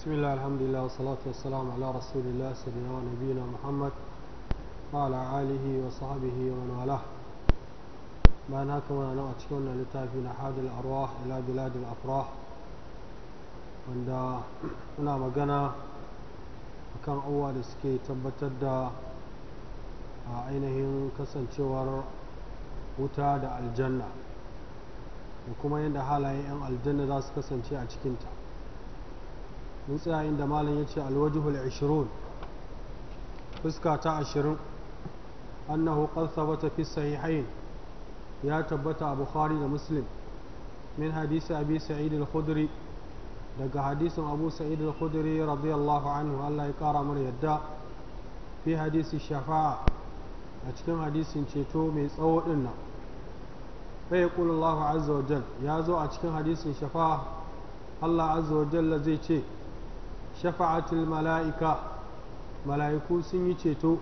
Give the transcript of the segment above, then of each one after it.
بسم الله الحمد لله والصلاة والسلام على رسول الله سيدنا ونبينا محمد وعلى آله وصحبه ومن والاه ما ناكم أنا أتشكونا لتافين أحد الأرواح إلى بلاد الأفراح wanda هنا مقنا وكان أول سكي suke عينهم كسن a ainihin الجنة وكما da aljanna da kuma yadda halayen 'yan aljanna mun tsaya inda malam ya ce alwajihul 20 fuska ta 20 annahu qad thabata fi sahihain ya tabbata a bukhari da muslim min hadisi abi sa'id al-khudri daga hadisin abu sa'id al-khudri radiyallahu anhu Allah ya kara mana yadda fi hadisi shafa'a a cikin hadisin ceto mai tsawo din nan sai kula Allah azza wa jalla ya zo a cikin hadisin shafa'a Allah azza wa jalla zai ce shafa'atul mala'ika mala'iku sun yi ceto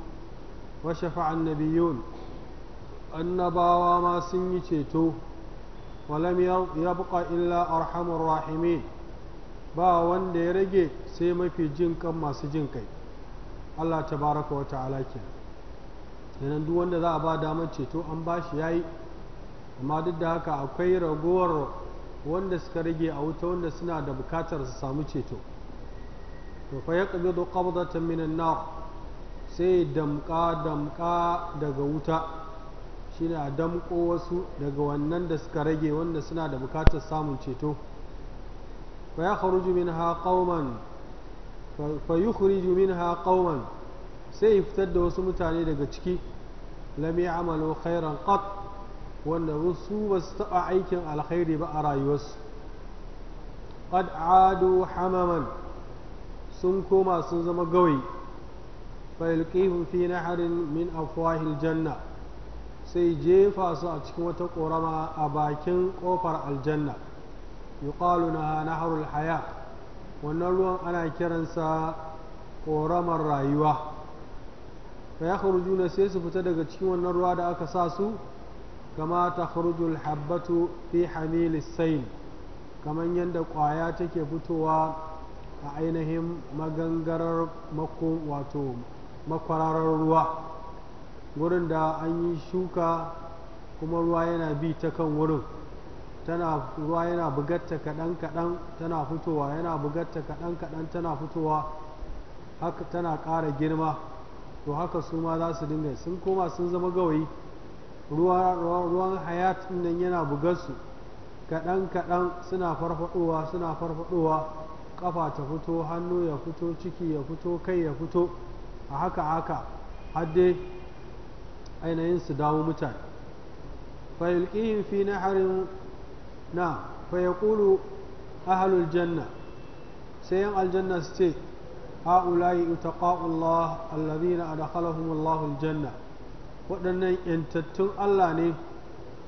wa shafa'an nabiyun annabawa ma sun yi ceto lam yabqa illa arhamur rahimin ba wanda ya rage sai mafi jin kan masu jin kai Allah tabaraka wa ta'ala ke yanan duk wanda za a ba damar ceto an ba shi yayi amma duk da haka akwai ragowar wanda suka rage a wuta wanda suna da bukatar su samu ceto to fa yaqbidu qabdatan min an-nar sai damƙa damƙa daga wuta shine a damƙo wasu daga wannan da suka rage wanda suna da bukatar samun ceto fa yakhruju minha qauman fa yukhriju minha qauman sai fitar da wasu mutane daga ciki lam ya'malu khairan qat wanda su ba su taɓa aikin alkhairi ba a rayuwarsu qad adu hamaman sun koma sun zama gawayi fayilqihum fi harin min afwahil janna sai jefa su a cikin wata ƙorama a bakin ƙofar aljanna yuqalu na naharul haya wannan ruwan ana kiransa ƙoramar rayuwa fa na sai su fita daga cikin wannan ruwa da aka sa su kama takhrujul habbatu fi hamilis sayl Kamar yadda ƙwaya take fitowa a ainihin magangarar wato makwararar ruwa wurin da an yi shuka kuma ruwa yana bi ta kan wurin tana ruwa yana bugatta kaɗan kaɗan tana fitowa yana bugatta kaɗan kaɗan tana fitowa haka tana ƙara girma to haka su ma za su dinga sun koma sun zama gawayi ruwan hayatin nan yana bugarsu kaɗan kaɗan suna farfaɗowa suna farfaɗowa kafa ta fito hannu ya fito ciki ya fito kai ya fito a haka haka hadde ainihin su dawo mutane fayilƙihin fi naharin na fayakulu ahalul janna sai yan aljanna su ce ha'ulayi utaqa'ullah alladhina adkhalahum Allahu aljanna waɗannan yantattun Allah ne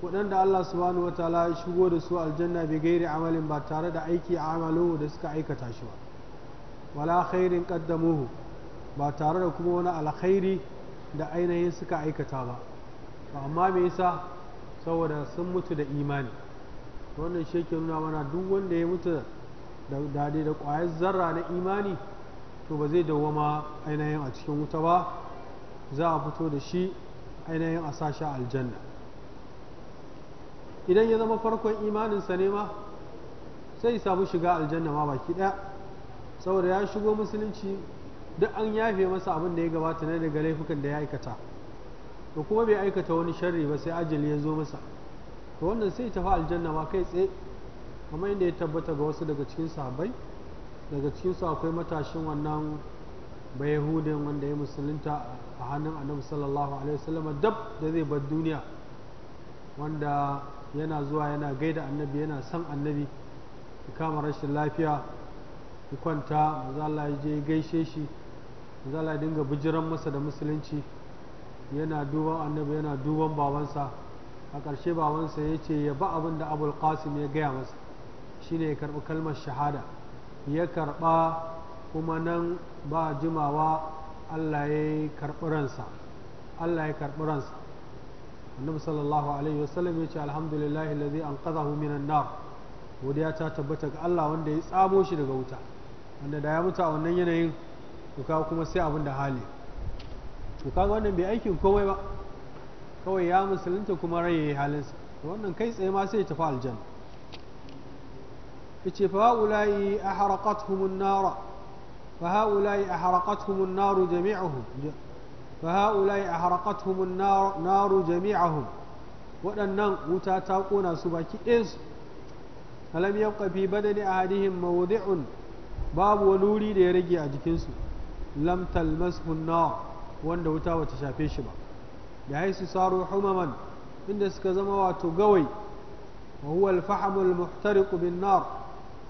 waɗanda Allah subhanahu wa ta'ala ya shigo da su aljanna bai gairi amalin ba tare da aiki a amalin da suka aikata shi ba wala khairin qaddamuhu ba tare da kuma wani alkhairi da ainihin suka aikata ba to amma me yasa saboda sun mutu da imani wannan shi ke nuna mana duk wanda ya mutu da dade da ƙwayar zarra na imani to ba zai dawwama ainihin a cikin wuta ba za a fito da shi ainihin a sashi aljanna idan ya zama farkon imanin sa ne ma sai samu shiga aljanna ma baki ɗaya saboda ya shigo musulunci duk an yafe masa abin da ya gabata ne daga laifukan da ya aikata to kuma bai aikata wani sharri ba sai ajali ya zo masa to wannan sai tafi aljanna ma kai tsaye kamar inda ya tabbata ga wasu daga cikin sahabbai daga cikin su akwai matashin wannan bayahudin wanda ya musulunta a hannun annabi sallallahu alaihi wasallam dab da zai bar duniya wanda yana zuwa yana gaida annabi yana son annabi ya kama rashin lafiya ya kwanta mazala ya je gaishe shi mazala ya dinga bijiran masa da musulunci yana duban annabi yana duban babansa a ƙarshe babansa ya ce ya ba abin da abul qasim ya gaya masa shine ya karɓi kalmar shahada ya karɓa kuma nan ba jimawa allah ya karɓi ransa allah ya karɓi ransa annabi sallallahu alaihi wasallam ya ce alhamdulillahi allazi anqadhahu minan nar godiya ta tabbata ga Allah wanda ya tsamo shi daga wuta wanda da ya mutu a wannan yanayin to kawo kuma sai abin da hali to kaga wannan bai aikin komai ba kawai ya musulunta kuma rai yayi halinsa to wannan kai tsaye ma sai ya tafi aljanna yace fa ulai ahraqathum an-nar fa haulai ahraqathum an-nar jami'uhum فهؤلاء أحرقتهم النار نار جميعهم وأنهم متاتاقون سباكي إنس فلم يبق في بدن أهدهم موضع باب ولولي ليرجي أجكنس لم تلمسه النار وأن دوتا وتشافيش با بحيث صاروا حمما إن اسكزما تقوي وهو الفحم المحترق بالنار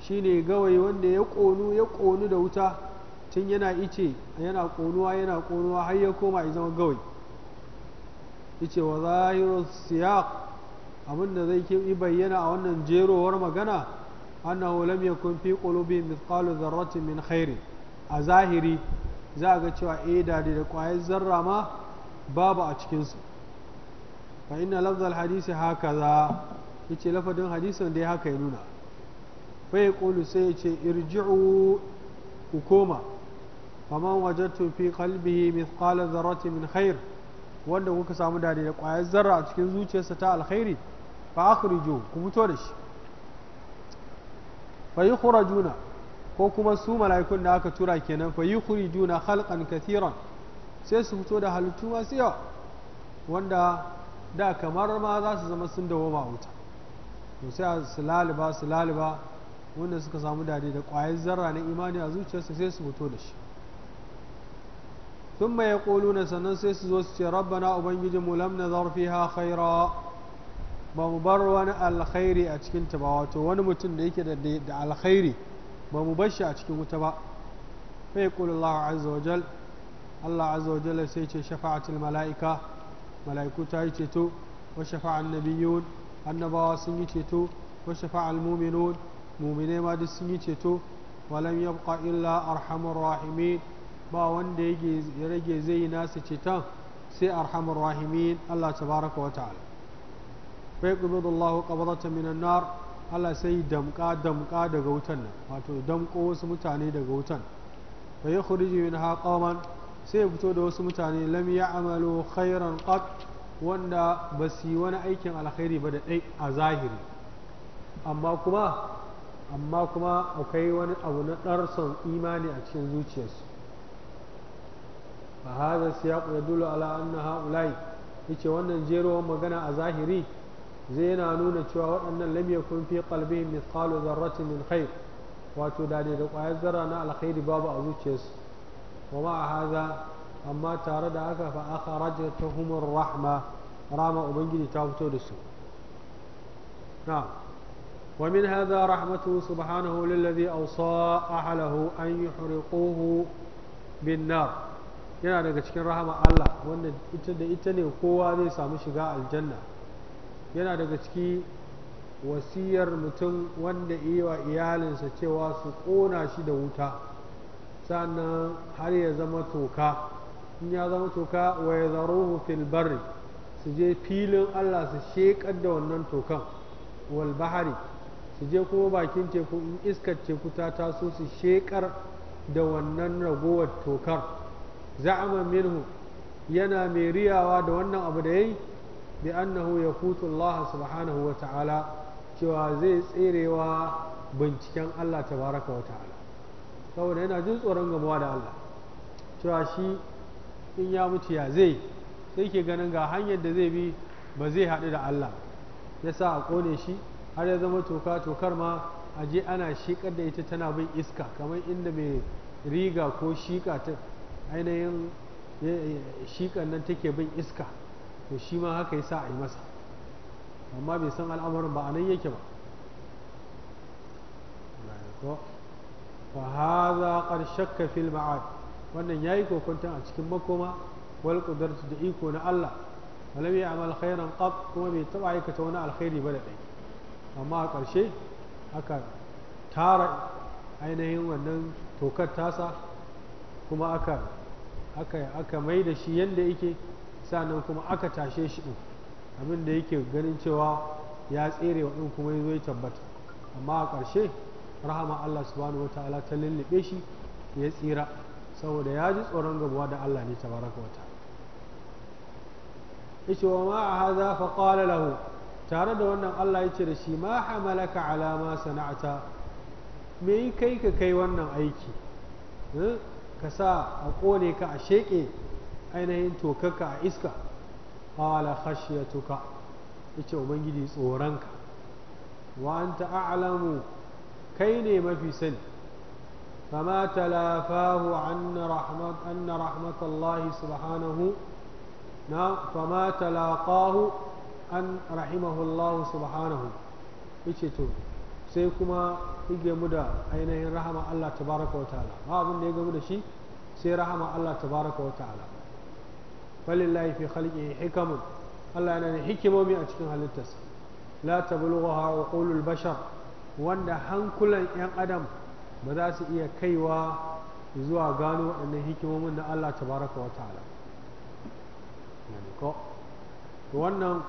شيني قوي وأن يقونوا يقونوا دوتا tun yana ice yana ƙonuwa yana ƙonuwa har ya koma ya zama gawai Ice wa zahiru siyaq abinda zai yi bayyana a wannan jerowar magana annahu lam yakun fi qulubihim mithqalu dharratin min khairi a zahiri za ga cewa eh da da ƙwayar zarra ma babu a cikinsu fa inna lafzal hadisi hakaza yace lafadin hadisin da ya haka ya nuna fa ya kulu sai yace irji'u ku koma faman wajadtu fi qalbihi mithqala dharratin min khair wanda kuka samu dade da ƙwayar zarra a cikin zuciyarsa ta alkhairi fa akhrijo ku fito da shi fa yukhrajuna ko kuma su mala'ikun da aka tura kenan fa yukhrijuna khalqan kathiran sai su fito da halittu masu yawa wanda da kamar ma za su zama sun dawoma wuta to sai su laliba su laliba wanda suka samu dade da ƙwayar zarra na imani a zuciyarsa sai su fito da shi thumma yaquluna sannan sai su zo su ce rabbana ubangiji mu lam nazar fiha khaira ba mu bar wani alkhairi a cikin ta ba wato wani mutum da yake da alkhairi ba mu bar shi a cikin wuta ba fa yaqulu Allah azza wa jal Allah azza wa sai ce shafa'atul mala'ika mala'iku ta yi ceto wa shafa'an nabiyyun annabawa sun yi ceto wa shafa'al mu'minun mu'mine ma duk sun yi ceto wa lam yabqa illa arhamur rahimin ba wanda ya rage zai yi nasa citan sai arhamar rahimin Allah tabaraka wa ta'ala bai qubudullahu kabarata minan nar Allah sai damka damka daga wutan nan wato damko wasu mutane daga wutan bai min minha qauman sai fito da wasu mutane lam ya'malu khairan qat wanda ba su yi wani aikin alkhairi ba da ɗai a zahiri amma kuma akwai wani abu na ɗarsan imani a cikin zuciyarsu فهذا السياق يدل على أن هؤلاء يجي وانا جيرو ومغانا أزاهري زينا نونا شوى وانا لم يكن في قلبهم مثقال ذرة من خير واتو داني دقاء أنا على خير بابا أزوكيس ومع هذا أما تارد أكا فأخرجتهم الرحمة رامة أبنجي تابتو دسو نعم ومن هذا رحمته سبحانه للذي أوصى أهله أن يحرقوه بالنار yana daga cikin rahama Allah wanda ita da ita ne kowa zai samu shiga aljanna yana daga ciki wasiyar mutum wanda iya iyalinsa cewa su ƙona shi da wuta sannan har ya zama toka in ya zama toka wa ya zaro fil barri su je filin Allah su sheƙar da wannan tokan wal bahari su je kuma bakin teku in iskar teku ta taso su shekar da wannan ragowar tokar za'ama minhu yana mai riyawa da wannan abu da yayi bi annahu yakutu Allah subhanahu wa ta'ala cewa zai tserewa binciken Allah tabaraka wa ta'ala saboda yana jin tsoron gamuwa da Allah cewa shi in ya mutu ya zai sai ke ganin ga hanyar da zai bi ba zai haɗu da Allah ya sa a ƙone shi har ya zama toka tokar ma a je ana shiƙar da ita tana bin iska kamar inda mai riga ko shiƙa ainihin eh, shiƙan nan take bin iska to shi ma haka ya sa a yi masa amma bai san al'amarin ba a nan yake ba fa haza qad shakka fil ma'ad wannan yayi kokunta a cikin makoma wal qudratu da iko na Allah walam ya'mal khairan qat kuma bai taba aikata wani alkhairi ba da dai amma a ƙarshe aka tara ainihin wannan tokar tasa kuma aka aka aka mai da shi yadda yake sannan kuma aka tashe shi ɗin abin da yake ganin cewa ya tsere wa ɗin kuma ya ya tabbata amma a ƙarshe rahama Allah subhanahu wataala ta lullube shi ya tsira saboda ya ji tsoron gabuwa da Allah ne tabaraka wata yace wa ma hadha fa qala lahu tare da wannan Allah ya ce da shi ma hamalaka ala ma sana'ata me kai ka kai wannan aiki hmm? ka sa a ƙone ka a sheƙe ainihin tokarka a iska ƙala khashyatuka yace ubangiji tsoranka wa anta a'lamu kai ne mafi sani fama talafahu anna rahmat anna rahmatullahi subhanahu na fama an rahimahullahu subhanahu yace to sai kuma ya mu da ainihin rahama Allah tabaraka wa ta'ala ba abin da ya gamu da shi sai rahama Allah tabaraka wa ta'ala falillahi fi khalqihi hikamun Allah yana da hikimomi a cikin halittarsa la tablughuha uqulul bashar wanda hankulan yan adam ba za su iya kaiwa zuwa gano waɗannan hikimomin da Allah tabaraka wa ta'ala wannan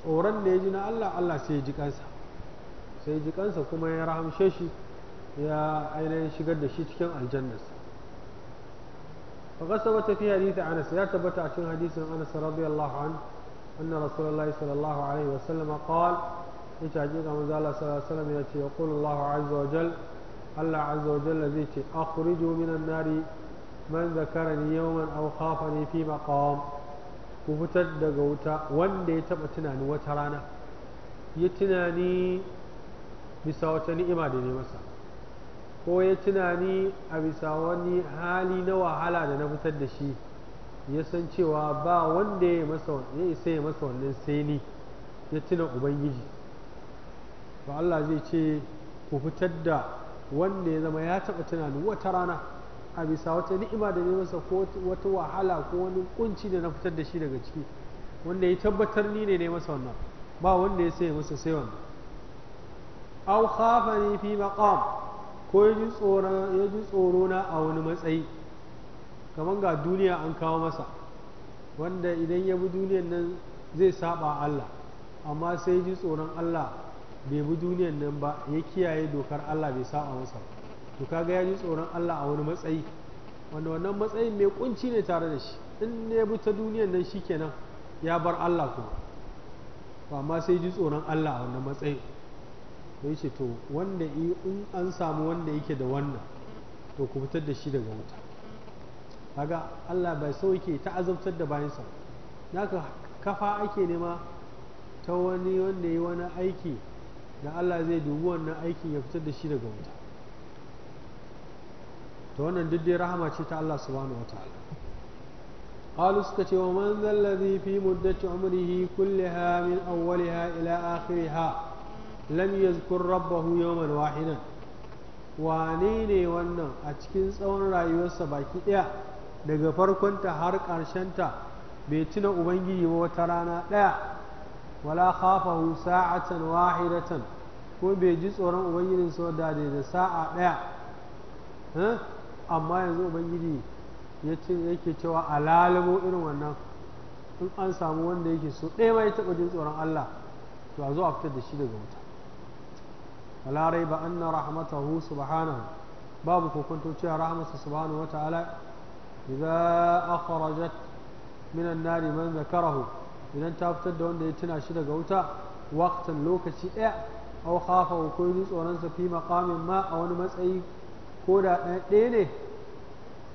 tsoron da ya ji na Allah Allah sai ya ji kansa sai jikansa kuma ya rahamshe shi ya ainihin shigar da shi cikin aljannas fakar sabata fi hadisi anas ya tabbata a cikin hadisin anas radiyallahu an anna rasulullahi sallallahu alaihi wa sallam wa sallam ya ce ya zai ce akhriju nari man zakarani yawman aw khafani ku fitar daga wuta wanda ya taɓa tunani wata rana ya tunani bisa wata ni'ima da ne masa ko ya tunani a bisa wani hali na wahala da na fitar da shi ya san cewa ba wanda ya isa ya masa wannan sai ni ya tuna ubangiji ba Allah zai ce ku fitar da wanda ya zama ya taɓa tunani wata rana a bisa wata ni'ima da ne masa ko wata wahala ko wani kunci da na fitar da shi daga ciki wanda ya tabbatar ni ne ne masa wannan ba wanda ya sai masa sai wannan au khafani fi maqam ko ya ji tsoro na a wani matsayi kaman ga duniya an kawo masa wanda idan ya bi duniyan nan zai saba Allah amma sai ji tsoron Allah bai bi duniyan nan ba ya kiyaye dokar Allah bai saba masa to kaga ya ji tsoron Allah a wani matsayi wanda wannan matsayin mai kunci ne tare da shi in ne bi ta duniyan nan shikenan ya bar Allah kuma amma sai ji tsoron Allah a wannan matsayin ya ce to wanda in an samu wanda yake da wannan to ku fitar da shi daga wuta kaga Allah bai so yake ta azabtar da bayansa naka kafa ake nema ta wani wanda yi wani aiki da Allah zai dubi wannan aikin ya fitar da shi daga wuta ta wannan duk dai rahama ce ta Allah subhanahu wataala قالوا سكتي ومن ذا الذي في مدة عمره كلها من أولها إلى آخرها lam yazkur rabbahu yawman wahidan wane ne wannan a cikin tsawon rayuwarsa baki ɗaya daga farkonta har ta bai tuna ubangiji ba wata rana ɗaya wala khafahu sa'atan wahidatan ko bai ji tsoron ubangijin sa da da sa'a ɗaya amma yanzu ubangiji ya ce yake cewa a irin wannan in an samu wanda yake so ɗaya ma ya taɓa jin tsoron allah to a zo a fitar da shi daga wuta wala raiba anna rahmatahu subhanahu babu kokonto cewa rahmatu subhanahu wata'ala idza akhrajat min an-nar man zakarahu idan ta fitar da wanda ya tuna shi daga wuta waqtan lokaci daya aw khafa ko yi tsoron sa fi maqamin ma a wani matsayi ko da ɗaya ne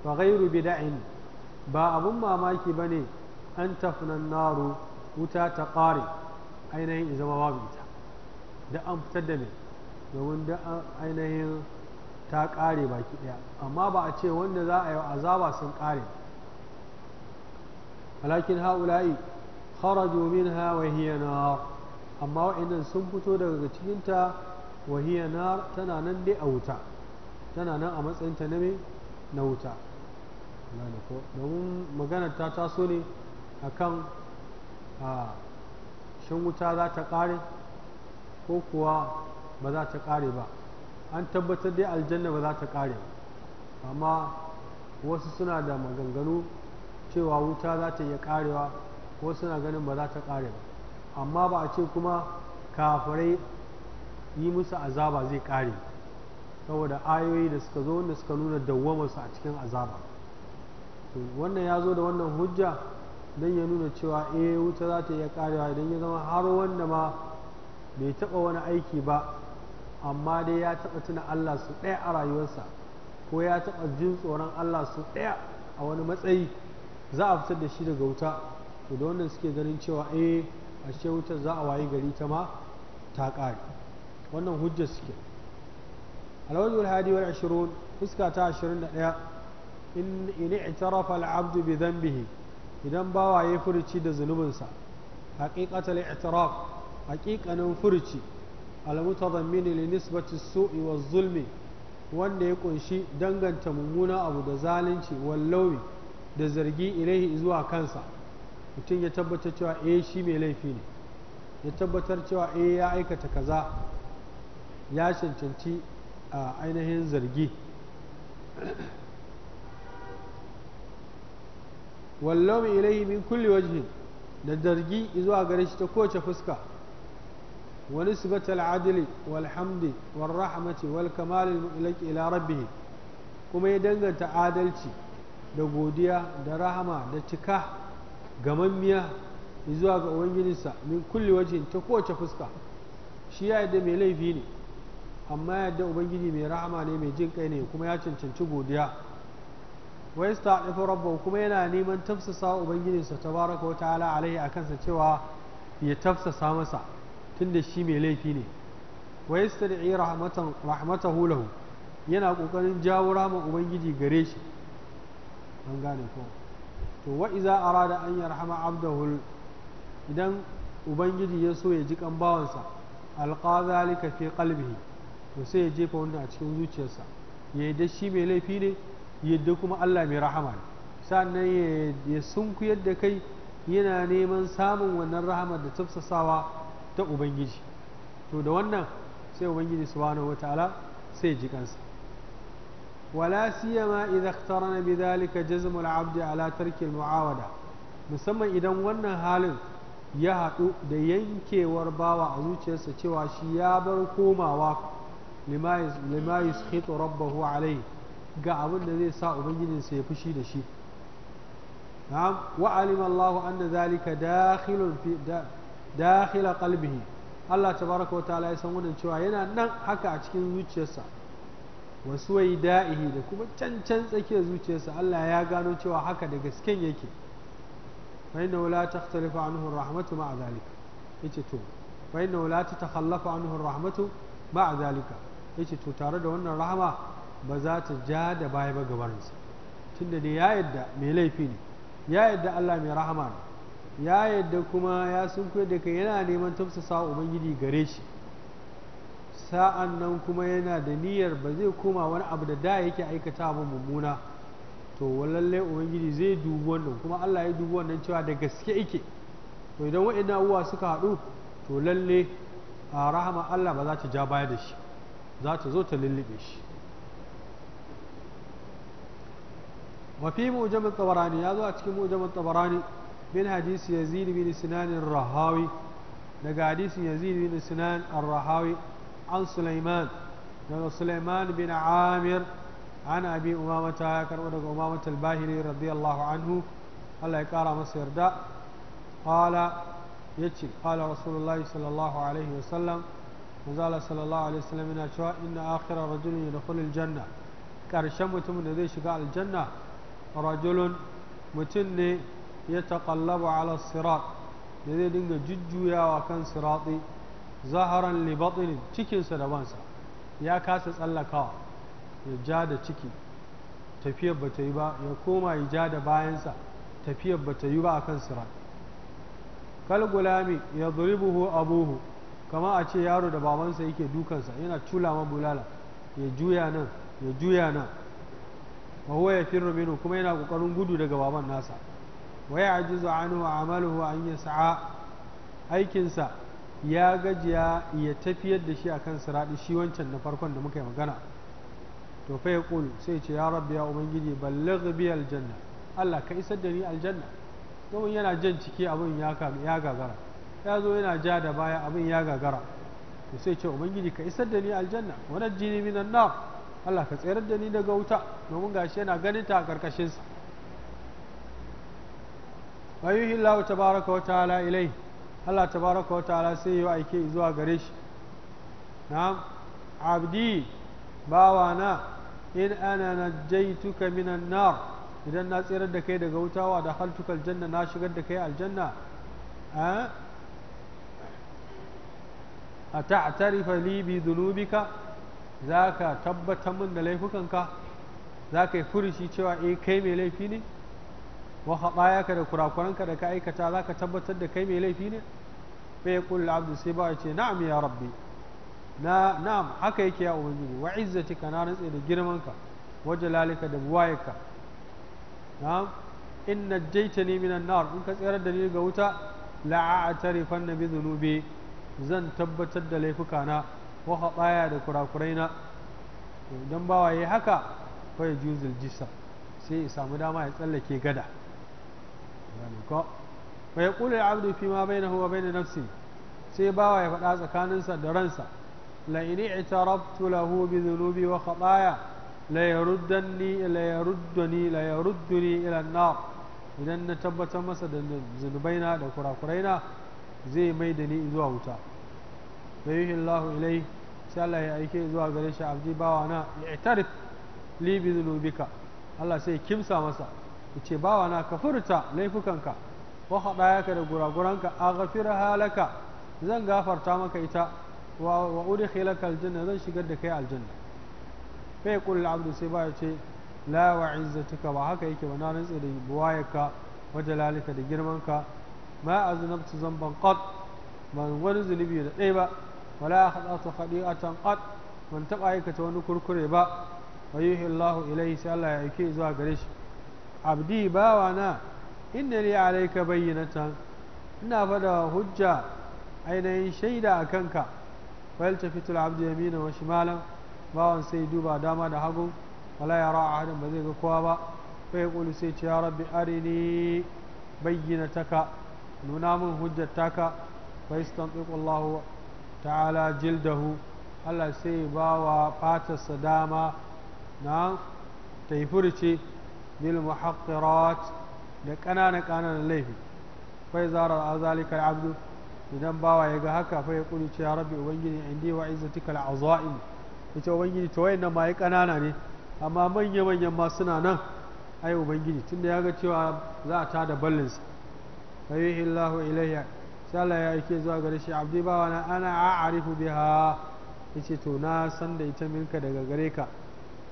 fa ghairu bid'in ba abun mamaki bane an tafna naru wuta ta ƙare ainihin zama babu ita da an fitar da mai domin da ainihin ta ƙare baki ɗaya amma ba a ce wanda za a yi azaba sun ƙare alakin ha'ula'i kharaju minha wa hiya nar amma wa'annan sun fito daga cikinta wa hiya tana nan dai a wuta tana nan a matsayin ta ne na wuta domin magana ta taso ne a kan shan wuta za ta ƙare ko kuwa ba za ta ƙare ba an tabbatar dai aljanna ba za ta ƙare ba amma wasu suna da maganganu cewa wuta za ta iya ƙarewa wasu suna ganin ba za ta kare ba amma ba a ce kuma kafirai yi musu azaba zai ƙare saboda ayoyi da suka zo wanda suka nuna dawwamarsu a cikin azaba wannan ya zo da wannan hujja don ya nuna cewa eh wuta za ta iya ƙarewa idan ya zama har wanda ma bai taɓa wani aiki ba amma dai ya taɓa tuna Allah su ɗaya a rayuwarsa ko ya taɓa jin tsoron Allah su ɗaya a wani matsayi za a fitar da shi daga wuta to da wannan suke ganin cewa eh ashe wutar za a wayi gari ta ma ta ƙare wannan hujjar suke alwajul hadi wal 20 fuska ta 21 in in i'tarafa al-'abdu bi dhanbihi idan bawa ya furuci da zunubinsa haqiqatul i'tiraf haqiqanin furuci. al-mutadammin li nisbati as-su'i waz-zulmi wanda ya kunshi danganta mummuna abu da zalunci wallawi da zargi ilaihi zuwa kansa mutum ya tabbatar cewa eh shi mai laifi ne ya tabbatar cewa eh ya aikata kaza ya cancanci a ainihin zargi wallawi ilaihi min kulli wajhin da zargi zuwa gare shi ta kowace fuska ونسبة العدل والحمد والرحمة والكمال المؤلك إلى ربه كما يدنغ تعادلتي da godiya da rahama da cika gamammiya zuwa ga ubangijinsa min kulli wajen ta kowace fuska shi ya yadda mai laifi ne amma yadda ubangiji mai rahama ne mai jin kai ne kuma ya cancanci godiya wa yasta'difu rabbahu kuma yana neman tafsasa ubangijinsa tabaraka wata ta'ala alaihi akansa cewa ya tafsasa masa tunda shi mai laifi ne wa yastad'i rahmatan rahmatahu lahu yana kokarin jawo rama ubangiji gare shi an gane ko to wa iza arada an yarhama abdahu idan ubangiji ya so ya ji kan bawansa alqa zalika fi qalbihi to sai ya jefa wannan a cikin zuciyarsa ya yadda shi mai laifi ne yadda kuma Allah mai rahama ne sannan ya sunkuyar da kai yana neman samun wannan rahama da tafsasawa ta ubangiji to da wannan sai ubangiji subhanahu wataala sai ji kansa wala siyama idza ikhtarana bidhalika jazm al-abd ala tarki muawada musamman idan wannan halin ya haɗu da yankewar bawa a zuciyarsa cewa shi ya bar komawa lima yuskhitu rabbahu alayhi ga abin da zai sa ubangijinsa ya fushi da shi na'am wa alima Allahu anna zalika dakhilun dakhila qalbihi Allah tabaaraka wa ta'ala ya san wannan cewa yana nan haka a cikin zuciyarsa wasu wai da'ihi da kuma cancan tsakiyar zuciyarsa Allah ya gano cewa haka da gasken yake fa inna la takhtalifu anhu rahmatu ma'a zalika yace to fa inna la tatakhallafu anhu rahmatu ma'a zalika yace to tare da wannan rahama ba za ta ja da baya ba gabarinsa tunda dai ya yadda mai laifi ne ya yadda Allah mai rahama ne ya yadda kuma ya sunkuyar da kai yana neman tafsasa ubangiji gare shi sa'an nan kuma yana da niyyar ba zai koma wani abu da da yake aikata abu mummuna to wallalle ubangiji zai dubi wannan kuma Allah ya dubi wannan cewa da gaske ike to idan wa'in na'uwa suka haɗu to lalle a rahama Allah ba za ta ja baya da shi za ta zo ta lullube shi wafi mujamin tabarani ya zo a cikin mujamin tabarani Bin hadisi yazid bin sinan rahawi daga hadisin yazid rahawi an sulaiman daga sulaiman bin amir an abi umamata ya karbo daga umamata al-bahiri radiyallahu anhu Allah ya kara masa yarda qala yace qala rasulullahi sallallahu alaihi wasallam manzala sallallahu alaihi wasallam yana cewa inna akhira rajulin yadkhulul janna karshen mutumin da zai shiga aljanna rajulun mutum ne ya taqallabu ala sirat da zai dinga jujjuyawa kan sirati zaharan li cikinsa da bansa ya kasa tsallakawa ya ja da ciki tafiyar ba ta yi ba ya koma ya ja da bayansa tafiyar ba ta yi ba akan sirat kal gulami ya duribuhu abuhu kama a ce yaro da babansa yake dukansa yana tula bulala ya juya nan ya juya nan wa huwa ya firru minhu kuma yana ƙoƙarin gudu daga baban nasa waya ajizu anhu amaluhu an yas'a aikinsa ya gajiya ya tafiyar da shi akan siradi shi wancan na farkon da muka yi magana to fa yaqulu sai ce ya rabbi ya ubangiji balligh bi aljanna Allah ka isar da ni aljanna domin yana jan ciki abin ya ya gagara ya zo yana ja da baya abin ya gagara to sai ce ubangiji ka isar da ni aljanna wa najjini minan nar Allah ka tsayar da ni daga wuta domin gashi yana ganin ta a karkashin sa wa yuhi Allah tabaraka wa ta'ala ilai Allah tabaraka wa ta'ala sai yi aike zuwa gare shi na'am abdi na, in ana najaituka minan nar idan na tsirar da kai daga wa da haltukal janna na shigar da kai aljanna a ta'tarifa li bi za zaka tabbatar min da laifukanka zaka yi furuci cewa eh kai mai laifi ne wa khatayaka da kurakuranka da ka aikata zaka tabbatar da kai mai laifi ne fa yaqul abdu sai ba ce na'am ya rabbi na na'am haka yake ya ubangiji wa izzatika na rantse da girmanka wa jalalika da buwayaka na'am in najjaytani minan nar in ka tsayar da ni ga wuta la a'tarifanna bi dhunubi zan tabbatar da na wa khataya da kurakuraina idan bawa yayi haka fa yajuzul jisa sai ya samu dama ya tsallake gada ويقول العبد فيما بينه وبين نفسه سيباوى يفتاز كاننسا درنسا لإن اعترفت له بذنوبي وخطايا لا يردني لا يردني لا يردني إلى النار إذا نتبت مسد ذنبينا دكرا كرينا زي ميدني إذوا هتا فيوهي الله إليه سأل الله يأيك إذوا غريش عبدي باوانا اعترف لي بذنوبك الله سي كمسا مسد yace bawa na kafurta laifukanka wa hadayaka da guraguranka aghfirha laka zan gafarta maka ita wa wa udkhilaka aljanna zan shigar da kai aljanna fa yaqul abdu sai ba yace la wa izzatuka wa haka yake wa nan rantsa buwayaka wa jalalika da girmanka ma aznabtu zamban qad man wani zulubi da dai ba wala akhdatu khadi'atan qat ban taɓa aikata wani kurkure ba wa allah ilayhi sallallahu alaihi wa sallam abdi bawana inna li alayka bayyinatan ina fada hujja ainihin shaida a kanka fayil tafitul abdu yamina wa shimalan bawan sai duba dama da hagu wala yara ahadan ba zai ga kowa ba fa yaqulu sai ya rabbi arini bayyinataka nuna min hujjataka fa yastanbiqu Allah ta'ala jildahu Allah sai bawa fatarsa dama na ta bil muhaqqirat da ƙananan ƙananan laifi fai zara a zalika abdu idan bawa ya ga haka fa ya kuli cewa rabbi ubangiji indi wa izzatikal azaim ita ubangiji to nan ma ya ƙanana ne amma manya manyan ma suna nan ai ubangiji tunda ya ga cewa za a tada ballinsa fa yuhi illahu ilayya sala ya yake zuwa gare shi abdi bawa na ana a'arifu biha yace to na san da ita minka daga gare ka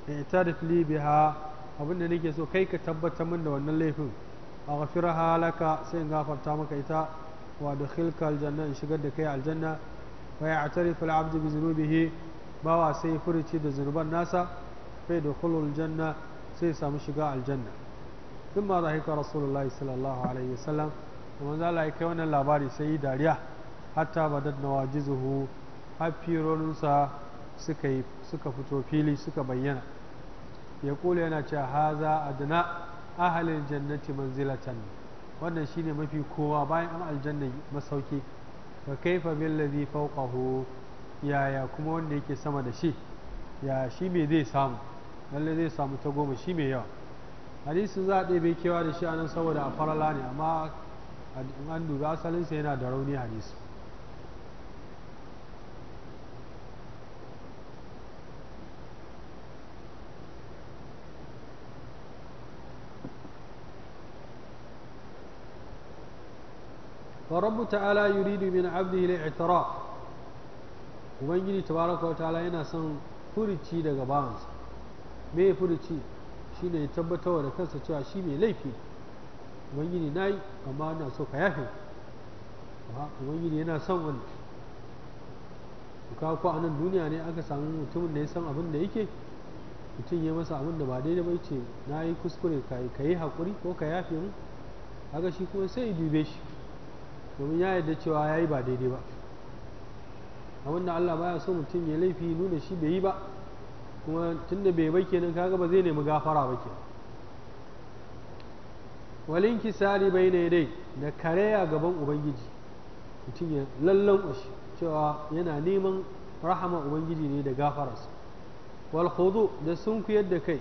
ita da fili biha abinda nake so kai ka tabbatar min da wannan laifin a gafira halaka sai in gafarta maka ita wa da khilka aljanna in shigar da kai aljanna wa ya atari fil abdu bi zunubihi bawa sai furuci da zunuban nasa fai da khulul janna sai samu shiga aljanna tun ma zahika rasulullahi sallallahu alaihi wasallam kuma za la kai wannan labari sai dariya hatta badad nawajizuhu har firorinsa suka fito fili suka bayyana ya kula yana cewa haza adna ahalin jannati manzilatan wannan shine mafi kowa bayan an aljanna masauki fa kaifa billazi fawqahu yaya kuma wanda yake sama da shi ya shi me zai samu lalle zai samu ta goma shi mai yawa hadisin za a ɗebe kewa da shi anan saboda a farala ne amma an dubi asalinsa yana da rauni hadisi فرب تعالى يريد من عبده الاعتراف ubangiji tabaraka wa ta'ala yana son furuci daga bawansa me furuci shine ya tabbatar da kansa cewa shi mai laifi ubangiji yi amma ina so ka yafe ubangiji yana son wani ka ko a nan duniya ne aka samu mutumin da ya san abin da yake mutum ya masa abin da ba daidai ba ce na yi kuskure ka yi haƙuri ko ka yafe mu haka shi kuma sai ya dube shi domin ya yarda cewa ya yi ba daidai ba abin da Allah baya so mutum ya laifi nuna shi bai yi ba kuma tun da bai bai kaga ba zai nemi gafara ba ke walin kisari bai ne dai da kareya gaban ubangiji mutum ya lallon cewa yana neman rahama ubangiji ne da gafararsa walhudu da sun kuyar da kai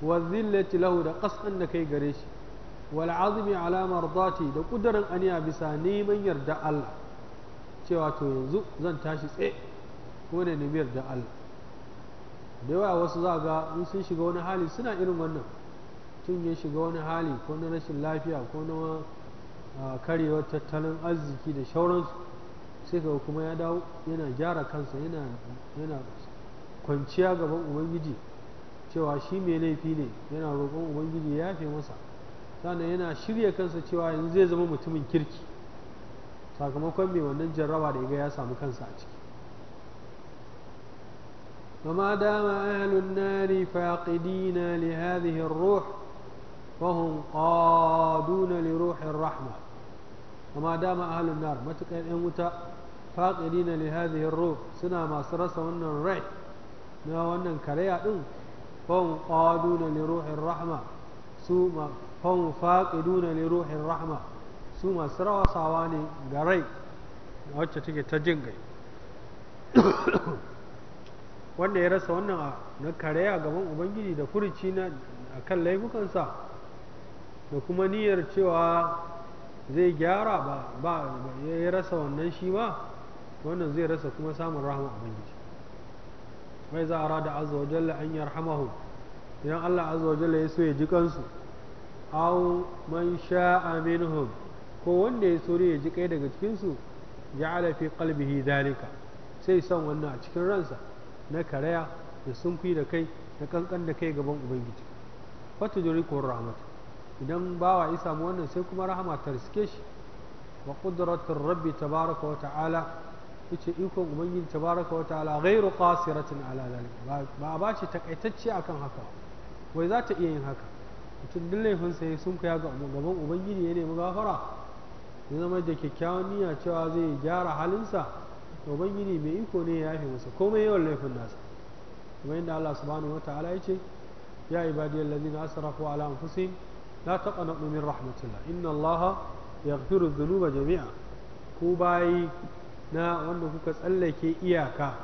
wa zillati lahu da kasan da kai gare shi wal azmi ala mardati da kudurin aniya bisa neman yarda Allah cewa to yanzu zan tashi tse ko ne nemi yarda Allah da yawa wasu za ga in sun shiga wani hali suna irin wannan tun ya shiga wani hali ko na rashin lafiya ko na karewar tattalin arziki da shauransu sai ga kuma ya dawo yana gyara kansa yana kwanciya gaban ubangiji cewa shi mai laifi ne yana roƙon ubangiji ya yafe masa sannan yana shirya kansa cewa yanzu zai zama mutumin kirki sakamakon mai wannan jarraba da ya samu kansa a ciki وما دام أهل النار فاقدين لهذه الروح فهم قادون لروح الرحمة وما دام أهل النار ما تكن أموتا فاقدين لهذه الروح سنا ما سرس ون الرعي نا ون كريا فهم قادون لروح الرحمة سوء faƙi nuna ne ruhin rahma su masu rawa sawa ne ga rai wacce take ta jin gai wanda ya rasa wannan na kare a gaban ubangiji da furuci na a akan laifukansa da kuma niyyar cewa zai gyara ba ya rasa wannan shi ba wannan zai rasa kuma samun rahama ubangiji mai za a rada azza wa jalla idan Allah azza ya so ya ji kansu aw man sha'a minhum ko wanda ya so ya ji kai daga cikin su ja'ala fi qalbihi dalika sai son wannan a cikin ransa na karaya da sunkuyi da kai da kankan da kai gaban ubangiji fatu juri ko rahmatu idan bawa ya samu wannan sai kuma rahama ta riske shi wa qudratur rabbi tabaraka wa ta'ala yace ikon ubangiji tabaraka wa ta'ala ghairu qasiratin ala dalika ba ba ce takaitacce akan haka wai za ta iya yin haka mutum duk laifinsa ya sun kaya ga gaban ubangiji ya nemi gafara ya zama da kyakkyawan niyya cewa zai gyara halinsa ubangiji mai iko ne ya yafe masa komai yawan laifin nasa kuma inda Allah subhanahu wa ta'ala ya ce ya lalzi na asarafu ala anfusihim la na ɗumin rahmatullah. inna Allah yaghfiru dhunuba jami'a ku bayi na wanda kuka tsallake iyaka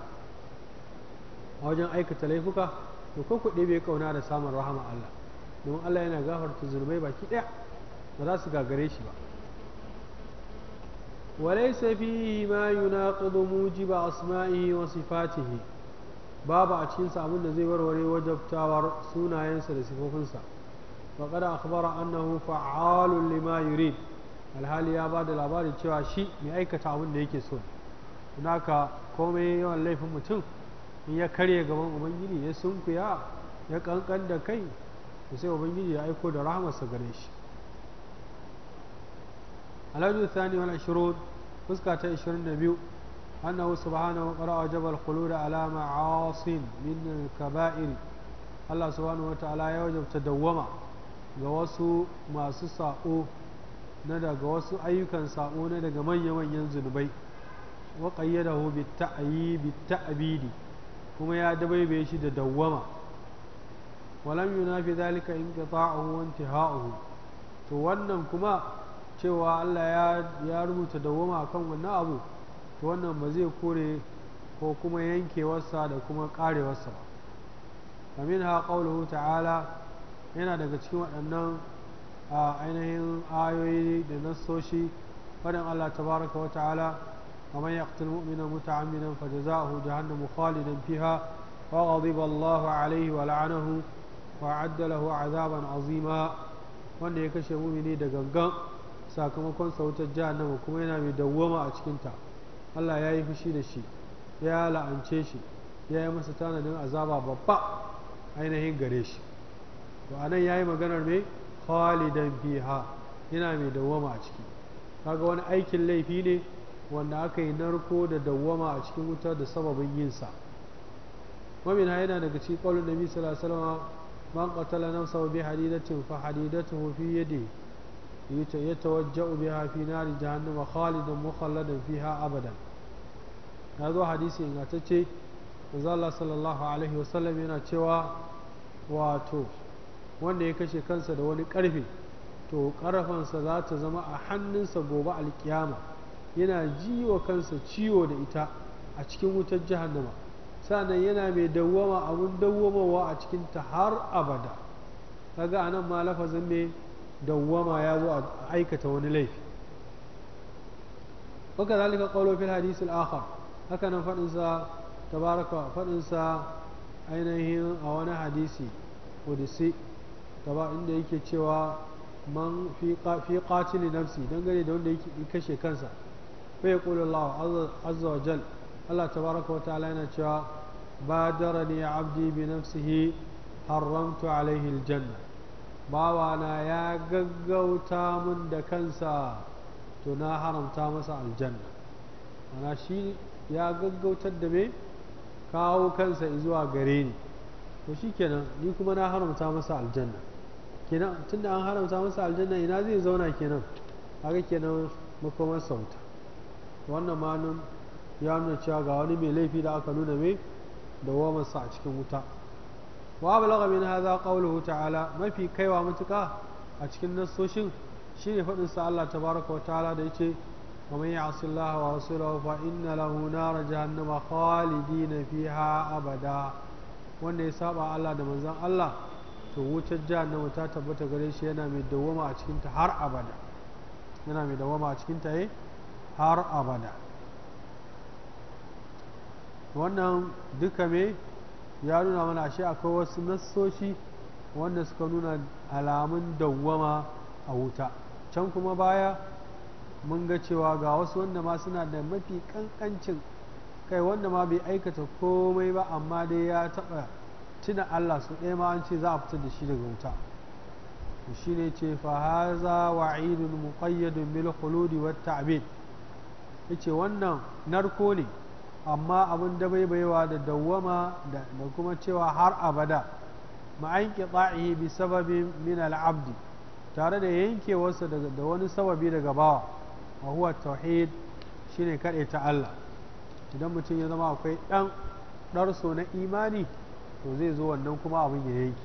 a wajen aikata laifuka to ku ɗebe kauna da samun rahama Allah don Allah yana gafarta zunubai baki ɗaya ba za su gagare shi ba walaysa fihi ma yunaqidu mujiba asma'ihi wa sifatihi babu a cikin abin da zai warware wajabtawar sunayensa da sifofinsa wa qad akhbara annahu fa'alun lima yurid alhali ya ba da labari cewa shi mai aikata abin da yake so naka komai yawan laifin mutum in ya karye gaban ubangiji ya sunkuya ya kankan da kai to sai ubangiji ya aiko da rahamarsa gare shi alhaji sani wani ashirun fuska ta 22 annahu subhanahu wa qara'a jabal khulud alama ma'asin min kabair Allah subhanahu wa ta'ala ya wajabta dawwama ga wasu masu sa'o na daga wasu ayyukan sa'o na daga manya-manyan zunubai wa qayyadahu bit bit ta'bidi kuma ya dabaibaye shi da dawwama walam yunafi zalika inqita'uhu wa intiha'uhu to wannan kuma cewa Allah ya rubuta dawama akan wannan abu to wannan ba zai kore ko kuma yankewarsa da kuma karewarsa ba faminha qawluhu ta'ala yana daga cikin waɗannan ainihin ayoyi da nasoshi faɗin Allah tabaraka wa ta'ala ومن يقتل مؤمنا متعمدا فجزاؤه جهنم خالدا فيها allahu alayhi wa la'anahu. وأعد له عذابا azima wanda ya kashe mumini da gangan sakamakon sautar jahannama kuma yana mai dawwama a cikinta Allah ya yi fushi da shi ya la'ance shi ya yi masa tanadin azaba babba ainihin gare shi to anan ya yi maganar mai khalidan biha yana mai dawwama a ciki kaga wani aikin laifi ne wanda aka yi narko da dawwama a cikin wuta da sababin yinsa mamina yana daga cikin kwallon nabi sallallahu alaihi من قتل نفسه بحديدة فحديدته في يده يتوجأ بها في نار جهنم خالدا مخلدا فيها أبدا هذا حديث ينغتشي manzo Allah sallallahu alaihi wasallam yana cewa wato wanda ya kashe kansa da wani karfe to karfansa za ta zama a hannunsa gobe alkiyama yana ji wa kansa ciwo da ita a cikin wutar jahannama sannan yana mai dawwama abun dawwamawa a cikinta har abada kaga a nan ma lafazin mai dawwama ya zo a aikata wani laifi waka zalika qawlu fil hadisul akhar haka nan tabaraka ainihin a wani hadisi qudsi taba inda yake cewa man fi qatili nafsi dangane da wanda yake kashe kansa fa yaqulu Allah azza wa Allah tabaraka wa ta'ala yana cewa badarani abdi bi nafsihi haramtu alaihi aljanna bawana ya gaggauta mun da kansa to na haramta masa aljanna ana shi ya gaggautar da me kawo kansa zuwa gare ni to shikenan ni kuma na haramta masa aljanna kenan tunda an haramta masa aljanna ina zai zauna kenan haka kenan makoman sauta wannan ma ya nuna cewa ga wani mai laifi da aka nuna mai dawamarsa a cikin wuta wa balagha haza hadha qawluhu ta'ala mafi kaiwa mutuka a cikin nassoshin shine faɗin sa Allah tabaraka wa ta'ala da yace wa man ya'si Allah wa rasulahu fa inna lahu nar na khalidin fiha abada wanda ya saba Allah da manzon Allah to wutar jahannama ta tabbata gare shi yana mai dawama a cikin ta har abada wannan duka me ya nuna mana ashe akwai wasu nassoshi wanda suka nuna alamun dawwama a wuta can kuma baya mun ga cewa ga wasu wanda ma suna da mafi kankancin kai wanda ma bai aikata komai ba amma dai ya taɓa tuna Allah su ɗaya ma an ce za a fita da shi daga wuta shi ne ce fahaza wa'idun muqayyadun bil khuludi wat ta'bid yace wannan narko ne amma abin baiwa da dawwama da kuma cewa har abada ma'an qita'ihi bi sababi min al'abdi tare da yankewarsa da wani sababi daga bawa a huwa tauhid shine kaɗai ta Allah idan mutum ya zama akwai ɗan ɗarso na imani to zai zo wannan kuma abin ya yanki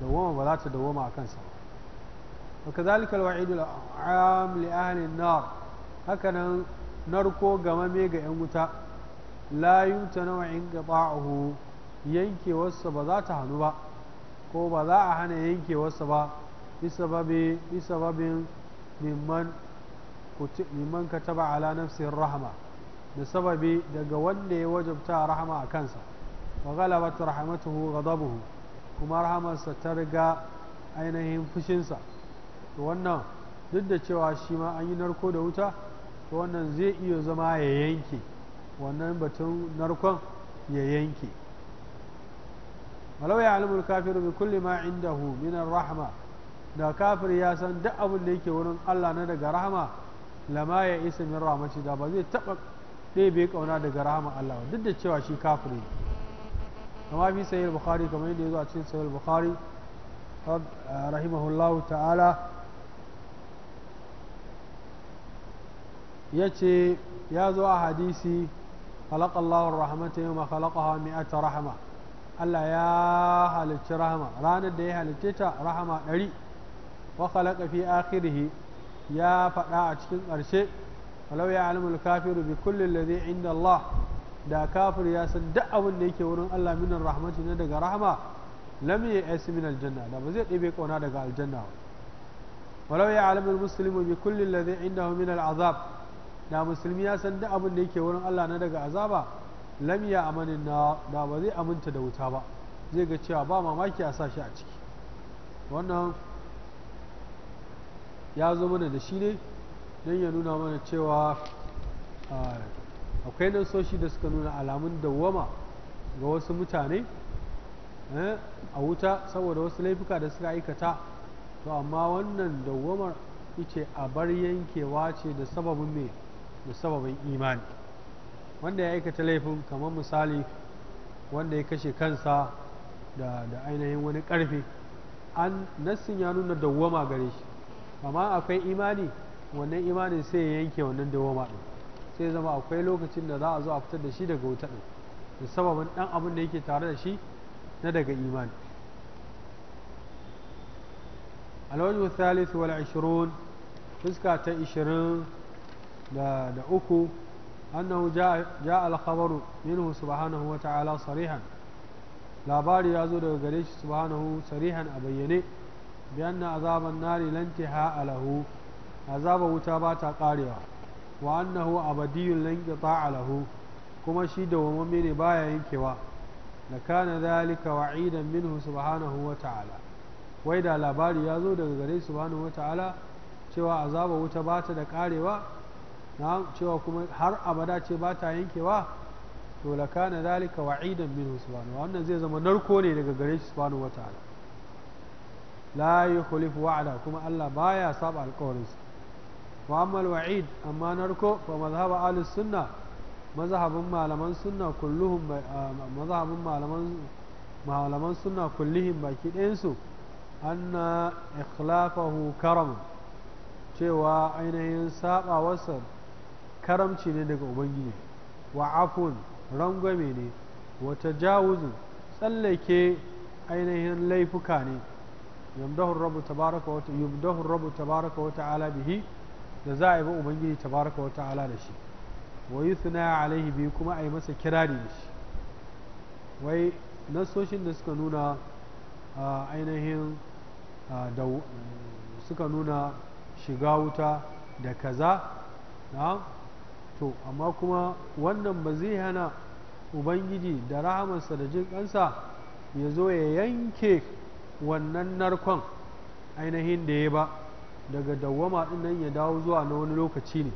dawwama ba za ta dawwama a kansa ba kazalika alwa'idul am li ahli nar hakanan narko gamame ga 'yan wuta la yumtanu yanke wasu ba za ta hannu ba ko ba za a hana wasu ba isa bisababin mimman ka taba ala nafsin rahama da sababi daga wanda ya wajabta rahama a kansa wa galabat rahmatuhu ghadabuhu kuma rahamarsa ta riga ainihin fushinsa to wannan duk da cewa shi ma an yi narko da wuta to wannan zai iya zama ya yanke wannan batun narkon ya yanke walau ya alimul kafiru bi kulli ma indahu min rahma da kafir ya san duk abin da yake wurin Allah na daga rahama lama ya isa min rahmaci da ba zai taba ɗebe kauna daga rahama Allah duk da cewa shi kafiri kama fi sahih bukhari kamar yadda ya zo a cikin Sayyid bukhari rahimahullahu ta'ala ya ce ya zo a hadisi خلق الله الرحمة يوم خلقها ta Rahma Allah ya halicci Rahma ranar da ya halicce ta Rahma ɗari wa khalaqa fi akhirih ya faɗa a cikin ƙarshe walau ya alimul kafiru bi kullin ladhi inda Allah da kafir ya san duk abin da yake wurin Allah minan rahmati ne daga rahama lam ya'as min aljanna da ba zai ɗebe kauna daga aljanna walau ya alimul muslimu bi kullin ladhi indahu min al'azab da musulmi ya san duk abin da yake wurin Allah na daga azaba lam ya amanin na da ba zai aminta da wuta ba zai ga cewa ba mamaki a sa shi a ciki wannan ya zo mana da shi ne don ya nuna mana cewa akwai nasoshi da suka nuna alamun dawwama ga wasu mutane eh, a wuta saboda wasu laifuka da suka aikata to amma wannan dawwamar ice a bar yankewa ce da sababin mai da sababin imani wanda ya aikata laifin kamar misali wanda ya kashe kansa da ainihin wani karfe an nassin ya nuna dawwama gare shi amma akwai imani wannan imanin sai ya yanke wannan dawwama ɗin sai zama akwai lokacin da za a zo a fitar da shi daga wuta ɗin da sababin ɗan abin da yake tare da shi na daga imani الوجه الثالث fuska ta عشرين da uku annahu ja alkhabaru minhu subhanahu wa ta'ala sarihan labari ya zo daga gare shi subhanahu sarihan a bayyane bi anna azaban nari lan tihaa lahu azaba wuta ba ta karewa wa annahu abadiyun lan qita'a lahu kuma shi da wamami ne baya yankewa da kana dhalika wa'idan minhu subhanahu wa ta'ala wai da labari ya zo daga gare subhanahu wa ta'ala cewa azaba wuta ba ta da karewa na'am cewa kuma har abada ce ba ta yankewa to la kana zalika wa'idan minhu subhanahu wannan zai zama narko ne daga gare shi subhanahu wataala la yukhlifu wa'ada kuma Allah baya saba alƙawarinsa wa ammal wa'id amma narko fa mazhaba ahlus sunna mazhabin malaman sunna kulluhum mazhabin malaman malaman sunna kullihim baki ɗayan su anna ikhlafahu karam cewa ainihin sabawarsa karamci ne daga ubangiji wa afun rangwame ne wata tajawuzun tsallake ainihin laifuka ne yamdahun rabu tabaraka wata wa ta'ala bihi da za a yi ba ubangiji tabaraka wa ta'ala da shi wa yuthna alaihi biyu kuma a yi masa kirari da shi wai nasoshin da suka nuna ainihin da suka nuna shiga wuta da kaza na to amma kuma wannan ba zai hana ubangiji da rahamarsa da jin kansa ya zo ya yanke wannan narkon ainihin da ya ba daga dawwama din nan ya dawo zuwa na wani lokaci ne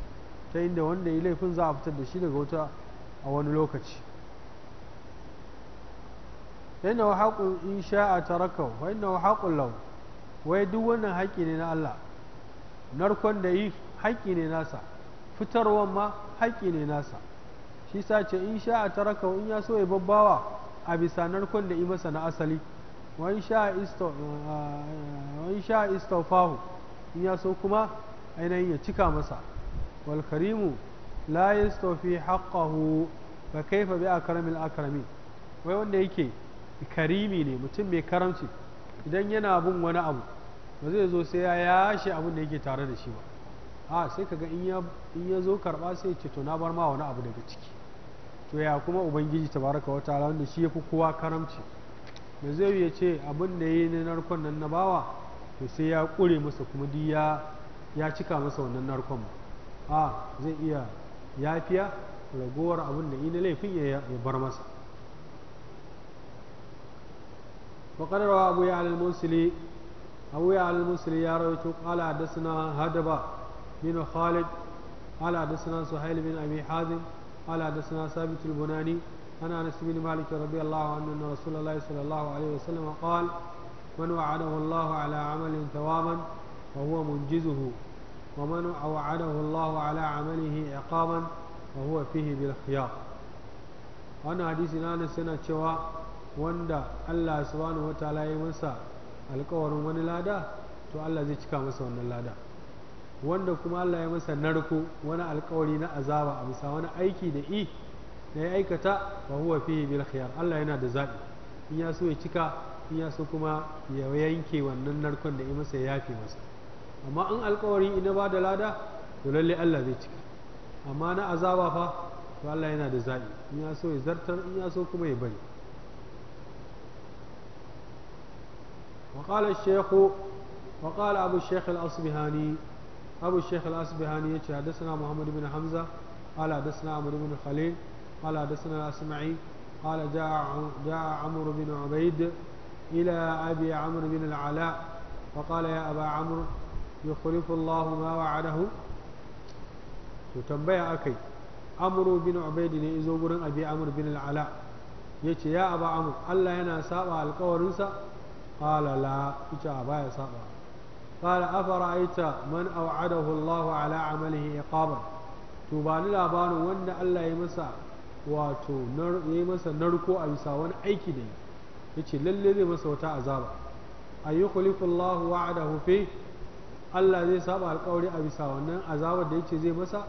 ta inda wanda ya laifin za a fitar da shi daga wuta a wani lokaci yana wa haƙun in sha'a tarakau wa yana wa haƙun lau wai duk wannan haƙƙi ne na Allah narkon da yi haƙƙi ne nasa fitarwan ma haƙƙi ne nasa shi sa ce in sha a taraka in ya so ya babbawa a bisa narkon da imasa na asali wani sha eh, eh, istaufahu in ya so kuma ainihin ya cika masa wal karimu la yastaufi haqqahu fa kaifa bi akramil akramin wai wanda yake karimi ne mutum mai karamci idan yana bin wani abu ba zai zo sai ya yashe abin da yake tare da shi ba a sai kaga in ya zo karba sai ce to na bar ma wani abu daga ciki to ya kuma ubangiji tabaraka wa ta'ala wanda shi yafi kowa karamci da zai ya ce abin da yi na narkon nan na bawa to sai ya kure masa kuma duk ya cika masa wannan narkon a zai iya yafiya ragowar abin da yi laifin ya bar masa وقد abu أبو يعلى الموصلي أبو يعلى الموصلي يا رويته قال حدثنا بن خالد قال حدثنا سهيل بن أبي حازم قال حدثنا ثابت البناني عن أنس بن مالك رضي الله عنه أن رسول الله صلى الله عليه وسلم قال من وعده الله على عمل ثوابا فهو منجزه ومن وعده الله على عمله عقابا فهو فيه بالخيار wannan hadisi na Anas yana cewa wanda Allah subhanahu wataala ya masa alƙawarin wani lada to Allah zai cika masa wannan lada wanda kuma Allah ya masa narko wani alkawari na azaba a bisa wani aiki da i da ya aikata ba huwa fi bil khiyar Allah yana da zabi in ya so ya cika in ya so kuma ya yanke wannan narkon da ya masa ya yafe masa amma in alkawari ina ba da lada to lalle Allah zai cika amma na azaba fa to Allah yana da zabi in ya so ya zartar in ya so kuma ya bari وقال الشيخ وقال أبو الشيخ الأصبهاني abu sheikh al-asbihani yace haddathana muhammad ibn hamza qala haddathana amr ibn khalil qala haddathana asma'i qala jaa jaa amr bin ubayd ila abi amr bin al-ala فقال يا أبا عمرو يخلف الله ما وعده تتنبيه أكي amru bin ubaid ne izo gurin abi amr bin al'ala yace ya aba amr Allah yana saba alƙawarinsa qala la ita ba ya saba قال أفرأيت من أوعده الله على عمله إقابا تباني لابان وان الله يمسا واتو نر يمسا نركو أبسا وان أيكي دي يتي للذي مسا وتا عذابا أن يخلف الله وعده فيه الله زي سابع القول أبسا وان عذابا دي يتي زي مسا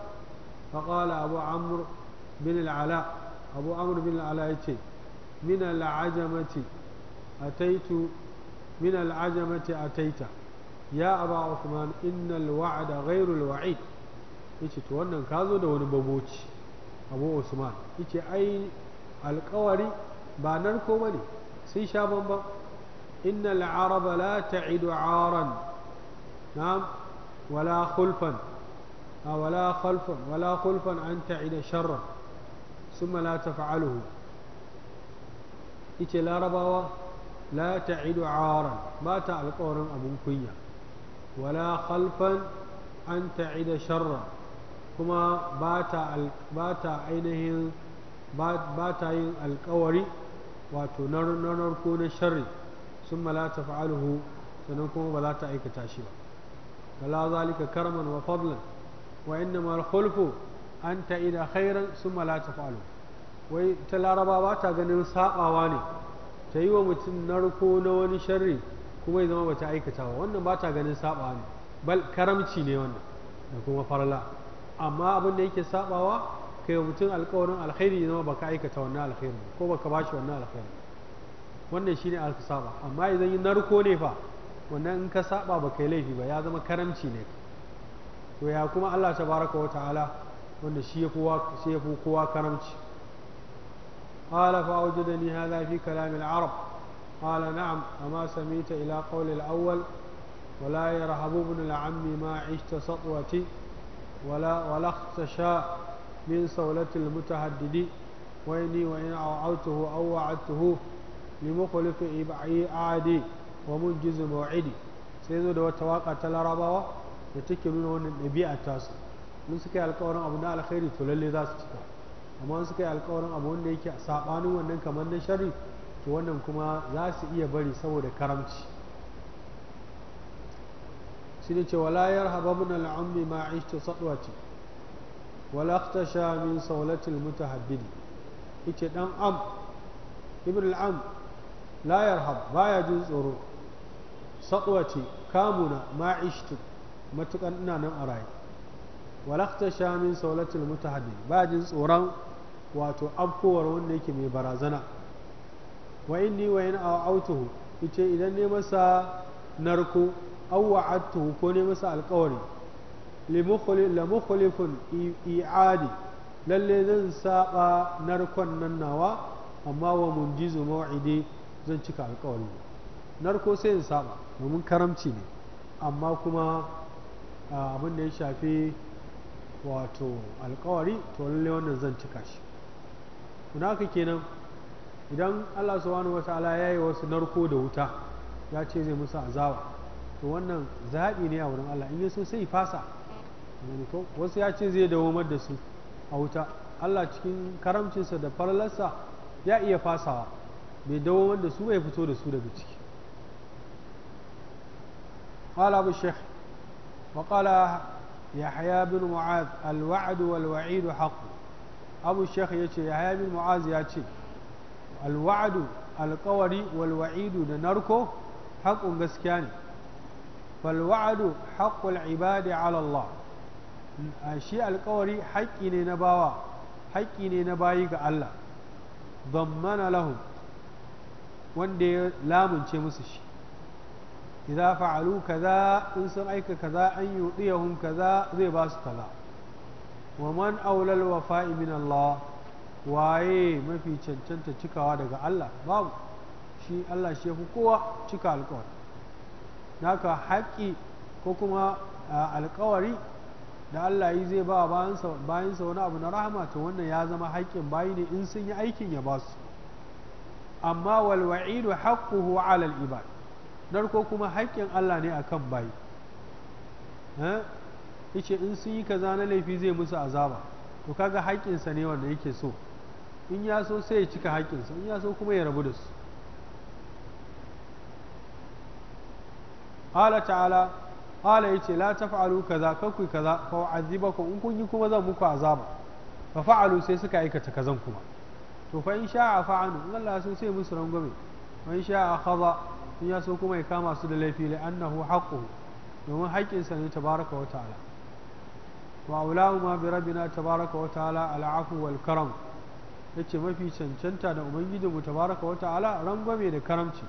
فقال أبو عمرو بن العلاء أبو عمرو بن العلاء يتي من العجمة أتيت من العجمة أتيت يا أبا عثمان إن الوعد غير الوعيد يجي توانا كازو دا ونبابوتي أبو عثمان يجي أي القواري بانان كوماني سي شابان با إن العرب لا تعد عارا نعم ولا خلفا آه، ولا خلفا ولا خلفا أن تعد شرا ثم لا تفعله يجي لا ربا لا تعد عارا ما تعلقورن أبو كيّا ولا خلفا أن تعد شرا كما باتا باتا عينه بات باتا عين القوري وتنر نر كون شر ثم لا تفعله سنكون ولا تأيك تاشيبا فلا ذلك كرما وفضلا وإنما الخلف أن تعد خيرا ثم لا تفعله وي تلا ربا باتا غنم ساقا واني تيوم تنر كون وني شري kuma ya zama bata aikata ba wannan bata ganin saba ne bal karamci ne wannan da kuma farla amma abin da yake sabawa kai mutum alkawarin alkhairi ya zama baka aikata wannan alkhairi ko baka bashi wannan alkhairi wannan shine aka amma idan yin narko ne fa wannan in ka saba ba kai laifi ba ya zama karamci ne to ya kuma Allah tabaraka wa ta'ala wanda shi ya kowa karamci قال فأوجدني هذا في kalamin arab قال نعم أما سميت إلى قول الأول ولا يرهب ابن العم ما عشت سطوتي ولا ولا اختشى من صولة المتهدد وإني وإن أوعوته أو وعدته لمخلف إبعادي ومنجز موعدي سيزو دو تواقع تلارباوة يتكي من هون النبيع التاسع من سكي القورن أبناء الخير تلالي ذا سكي أما سكي القورن أبناء الخير سابانو ونن كمان to wannan kuma za su iya bari saboda karamci shi ne ce wala yarhaba min al'ammi ma ishta sadwati wala ikhtasha min saulatil mutahabbidi yace dan am ibn al'am la ba baya jin tsoro sadwati kamuna ma ishtu matukan ina nan a raye wala ikhtasha min saulatil mutahabbidi ba jin tsoron wato afkowar wanda yake mai barazana wa inni wa in a'autuhu yace idan ne masa narko aw wa'adtuhu ko ne masa alƙawari la mukhlifun i'adi lalle zan saba narkon nan nawa amma wa munjizu maw'idi zan cika alƙawari narko sai in saba domin karamci ne amma kuma abin da ya shafi wato alƙawari to lalle wannan zan cika shi kuna ka kenan idan Allah subhanahu wataala ya yi wasu narko da wuta ya ce zai musu azawa. to wannan zaɓi ne a wurin Allah in ya sai fasa wasu ya ce zai dawomar da su a wuta Allah cikin karamcinsa da farlarsa ya iya fasawa bai dawomar da su bai fito da su daga ciki قال أبو الشيخ وقال يحيى بن معاذ الوعد والوعيد حق أبو yace Bin alwa'adu alkawari walwa'idu da narko haƙun gaskiya ne falwa'adu haƙƙul ibadi ala Allah shi alkawari haƙƙi ne na bawa haƙƙi ne na bayi ga Allah zammana lahum wanda ya lamunce musu shi idza fa'alu kaza in sun aika kaza an yudiyahum kaza zai ba su kaza wa man aulal wafa'i min Allah waye mafi cancanta cikawa daga Allah babu shi Allah shi fi kowa cika alkawari naka haƙƙi ko kuma alkawari da Allah yi zai ba bayansa wani abu na rahama to wannan ya zama haƙƙin bayi ne in sun yi aikin ya ba su amma wa'idu haqquhu 'ala al-ibad narko kuma haƙƙin Allah ne akan bayi eh yace in sun yi kaza na laifi zai musu azaba to kaga haƙƙinsa ne wanda yake so in ya so sai ya cika haƙƙinsa in ya so kuma ya rabu da su ala ta'ala ala yace la taf'alu kaza kakku kaza fa u'adhibakum in kun yi kuma zan muku azaba fa fa'alu sai suka aikata kazan kuma to fa in sha'a fa'anu in Allah so sai musu rangwame fa in sha'a khaza in ya so kuma ya kama su da laifi la annahu haqquhu domin haƙƙinsa ne tabaraka wa ta'ala wa aulahuma bi rabbina tabaraka wa ta'ala al'afu wal karam ya ce mafi cancanta da ubangijin mu tabaraka wa ta'ala rangwame da karamci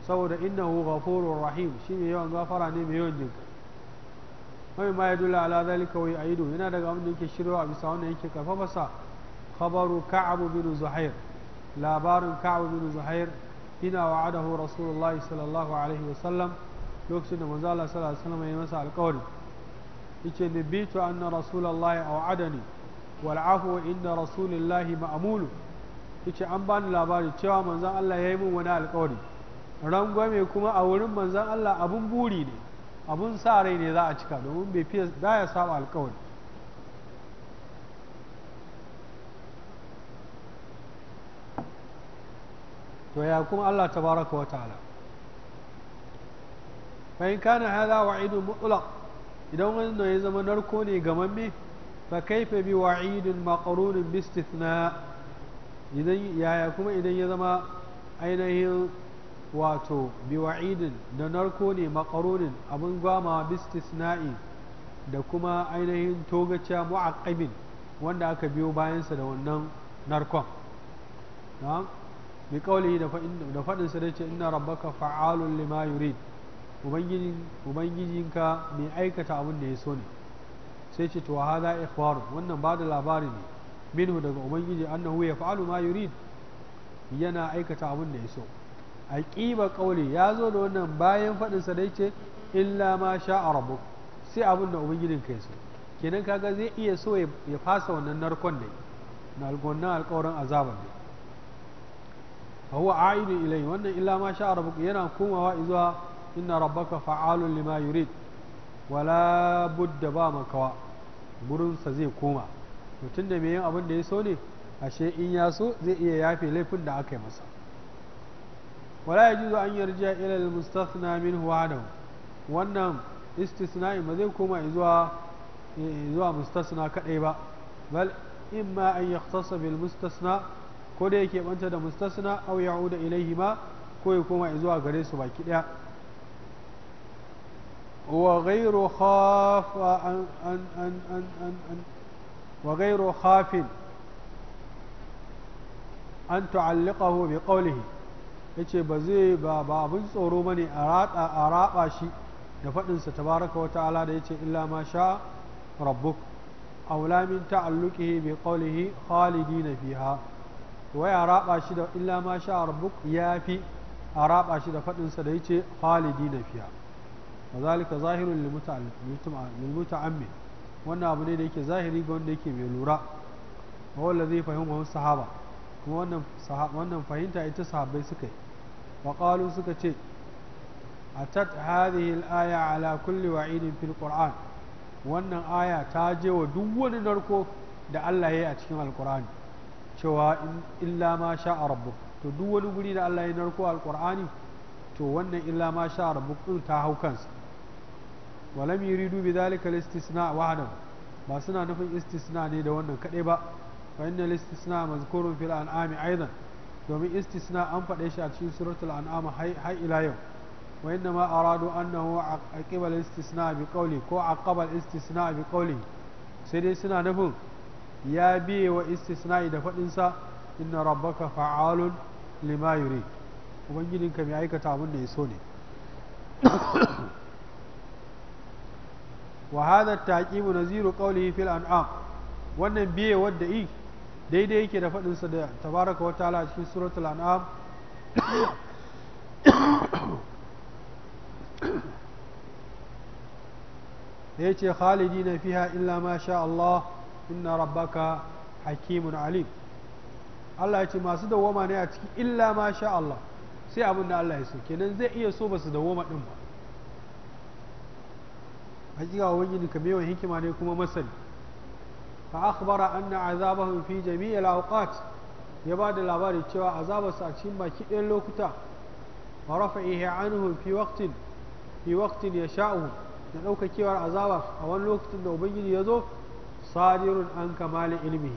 saboda innahu ghafurur rahim shi mai yawan gafara ne mai yawan jinka mai ma yadula ala zalika wa aidu yana daga abin da yake shirwa a bisa wanda yake karfafa sa khabaru ka'ab bin zuhair labarin ka'ab bin zuhair ina wa'adahu rasulullah sallallahu alaihi wa sallam lokacin da manzo Allah sallallahu alaihi wa sallam ya masa alƙawari yace nabitu anna rasulullah wa'adani wal'afu inna rasulillahi ma'amulu yace an bani labari cewa manzon Allah ya yi min wani alƙawari rangwame kuma a wurin manzon Allah abun buri ne abun sa rai ne za a cika domin bai fiye ya saba alkawari to ya kuma Allah tabaraka wa ta'ala fa in kana hadha wa'idu mutlaq idan wannan ya zama narko ne gamamme فكيف بوعيد مقرون باستثناء idan yaya kuma idan ya zama ainihin wato biwa'idin da narko ne makaronin abin gama bistisna'i da kuma ainihin togaciya mu'aqibin wanda aka biyo bayansa da wannan narkon na'am bi qawlihi da faɗin sa dace ina rabbaka fa'alun lima yurid ubangijinka mai aikata abin da ya so ne sai ce to hada ikhbaru wannan ba da labari ne minhu daga ubangiji annahu ya fa'alu ma yurid yana aikata abin da ya so a ƙiba ƙauli ya zo da wannan bayan faɗin sa dai ce illa ma sha'a rabbuk sai abin da ubangijin kai so kenan kaga zai iya so ya fasa wannan narkon ne na algonna alƙawarin azaban ne huwa a'idu ilai wannan illa ma sha'a rabbuk yana komawa zuwa inna rabbaka fa'alun lima yurid wala budda ba makawa gurinsa zai koma mutum da mai yin abin da ya so ne ashe in ya so zai iya yafe laifin da aka yi masa wala ya juzo an a ilal mustafna min wadahu wannan istisna'i ba zai koma zuwa eh, mustasna kadai ba bal in ma an yakhtasa bil mustasna ko da yake banta da mustasna da ya'uda ma ko ya koma zuwa gare su baki daya وغير خاف أن أن أن أن أن, أن وغير خاف أن تعلقه بقوله yace ba zai ba ba abin tsoro bane a rada a raba shi da fadin sa tabaraka wata'ala da yace illa ma sha rabbuk aw la min ta'alluqihi bi qawlihi khalidina fiha wai a raba shi da illa ma sha rabbuk yafi a raba shi da fadin sa da yace khalidina fiha kazalika zahirun lil muta'ammin wannan abu ne da yake zahiri ga wanda yake mai lura wa wanda zai fahimta sahaba kuma wannan fahimta ita sahabbai suka yi wa qalu suka ce atat hadhihi al-aya ala kulli wa'idin fil qur'an wannan aya ta je wa duk wani narko da Allah ya yi a cikin alqur'ani cewa illa ma sha'a rabbuk to duk wani guri da Allah ya narko alqur'ani to wannan illa ma sha'a rabbuk din ta hau kansa walam yuridu bi zalika al-istisna wahdahu ba suna nufin istisna ne da wannan kadai ba fa inna al-istisna mazkurun fil an'ami aidan domin istisna an faɗa shi a cikin suratul an'am har ila yau wa inna ma aradu annahu aqiba al-istisna bi qawli ko aqaba al-istisna bi qawli sai dai suna nufin ya biye wa istisna'i da faɗin sa inna rabbaka fa'alun lima yurid ubangijinka mai aikata abin da ya so ne wa hadha taqibu naziru qawlihi fil an'am wannan biye wadda yi daidai yake da faɗinsa da tabaraka wa ta'ala cikin suratul an'am da ya ce khalidi na fiha illa ma sha Allah inna rabbaka hakimun alim Allah ya ce masu dawoma ne a ciki illa ma sha Allah sai abin da Allah ya so kenan zai iya so ba su dawoma din ba hakika ubangiji ka hikima ne kuma masani fa akhbara anna azabahum fi jami'il awqat ya ba da labari cewa azabarsa a cikin baki ɗayan lokuta wa rafa'ihi anhum fi waqtin fi waqtin yasha'u da daukakewar azaba a wani lokacin da ubangiji ya zo sadirun an kamali ilmi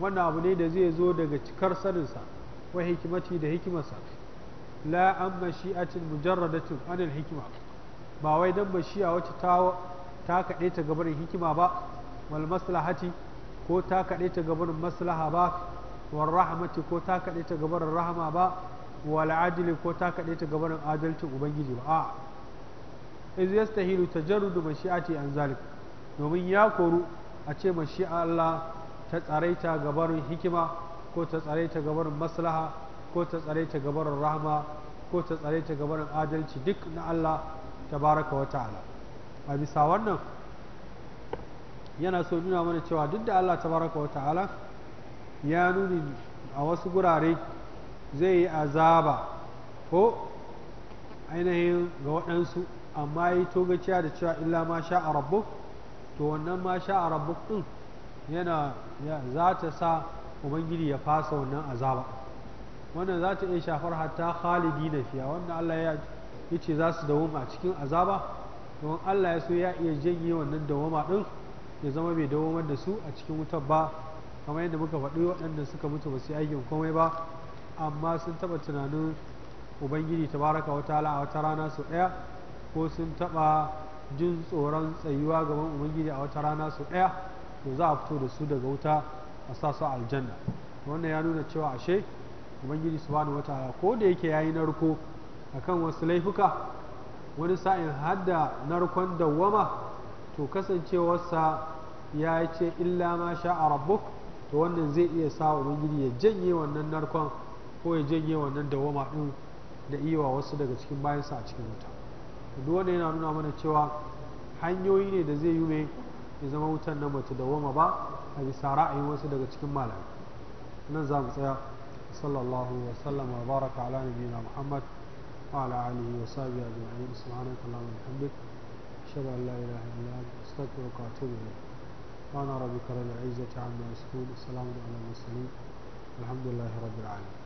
wannan abu ne da zai zo daga cikar sa wa hikimati da hikimarsa la an mashi'atin mujarradatin anil hikima ba wai dan mashi'a wacce ta ta kaɗe ta hikima ba wal maslahati ko ta kaɗe ta maslaha ba wal rahmati ko ta kaɗe ta rahama ba wal adili ko ta kaɗe ta adalcin ubangiji ba a'a iz yastahilu tajarrudu mashi'ati an zalik domin ya koru a ce mashi'a Allah ta tsaraita gabarin hikima ko ta tsaraita gabarin maslaha ko ta tsaraita gabarin rahama ko ta tsaraita gabarin adalci duk na Allah tabaraka wa ta'ala a bisa wannan yana so nuna mana cewa duk da Allah tabaraka wa ta'ala ya nuni a wasu gurare zai yi azaba ko ainihin ga waɗansu amma ya yi togaciya da cewa illa ma sha a rabu to wannan ma sha a rabu ɗin yana za ta sa ubangiji ya fasa wannan azaba wannan za ta iya shafar hatta khalidi na fiya wannan Allah ya ce za su dawo a cikin azaba don Allah ya so ya iya janye wannan dawama din ya zama bai dawamar da su a cikin wutar ba kamar yadda muka faɗi waɗanda suka mutu ba su yi aikin komai ba amma sun taɓa tunanin ubangiji ta wata ala a wata rana sau ɗaya ko sun taɓa jin tsoron tsayuwa gaban ubangiji a wata rana sau ɗaya to za a fito da su daga wuta a sa su aljanna wannan ya nuna cewa ashe ubangiji subhanahu wata ko da yake yayi narko kan wasu laifuka wani sa'in hadda narkon dawwama to kasancewarsa ya ce illa ma a rabbuk to wannan zai iya sa ubangiji ya janye wannan narkon ko ya janye wannan dawwama din da iwa wasu daga cikin sa a cikin wuta duk wanda yana nuna mana cewa hanyoyi ne da zai yi mai ya zama wutan nan bata dawwama ba a bisa ra'ayin wasu daga cikin malamai nan za mu tsaya sallallahu wa sallama baraka ala nabiyina muhammad وعلى آله وصحبه أجمعين سبحانك اللهم وبحمدك أشهد أن لا إله إلا أنت أستغفرك وأتوب إليك وأنا ربك رب العزة عما يصفون السلام على المرسلين الحمد لله رب العالمين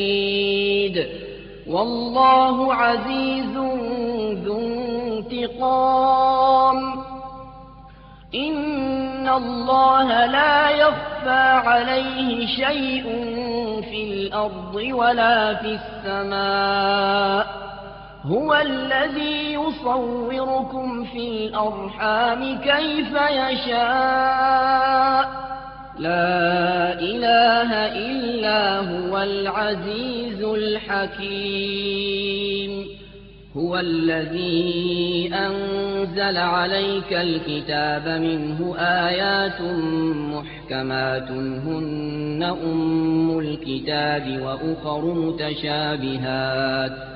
شديد والله عزيز ذو انتقام إن الله لا يخفى عليه شيء في الأرض ولا في السماء هو الذي يصوركم في الأرحام كيف يشاء لا إله إلا هو العزيز الحكيم هو الذي أنزل عليك الكتاب منه آيات محكمات هن أم الكتاب وأخر متشابهات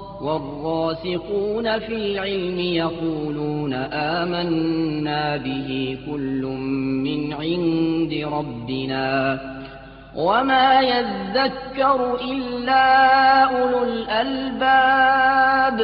والراسخون في العلم يقولون آمنا به كل من عند ربنا وما يذكر إلا أولو الألباب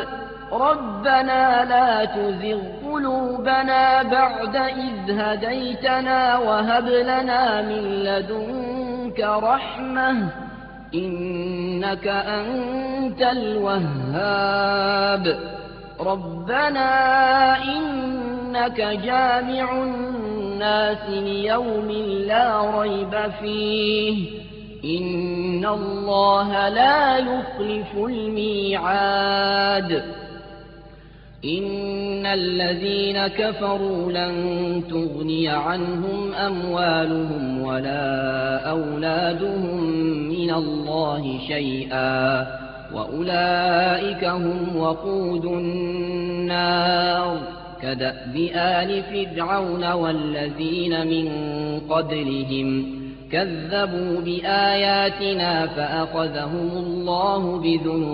ربنا لا تزغ قلوبنا بعد إذ هديتنا وهب لنا من لدنك رحمه إنك أنت الوهاب ربنا إنك جامع الناس ليوم لا ريب فيه إن الله لا يخلف الميعاد إن الذين كفروا لن تغني عنهم أموالهم ولا أولادهم من الله شيئا وأولئك هم وقود النار كدأب آل فرعون والذين من قبلهم كذبوا بآياتنا فأخذهم الله بذنوبهم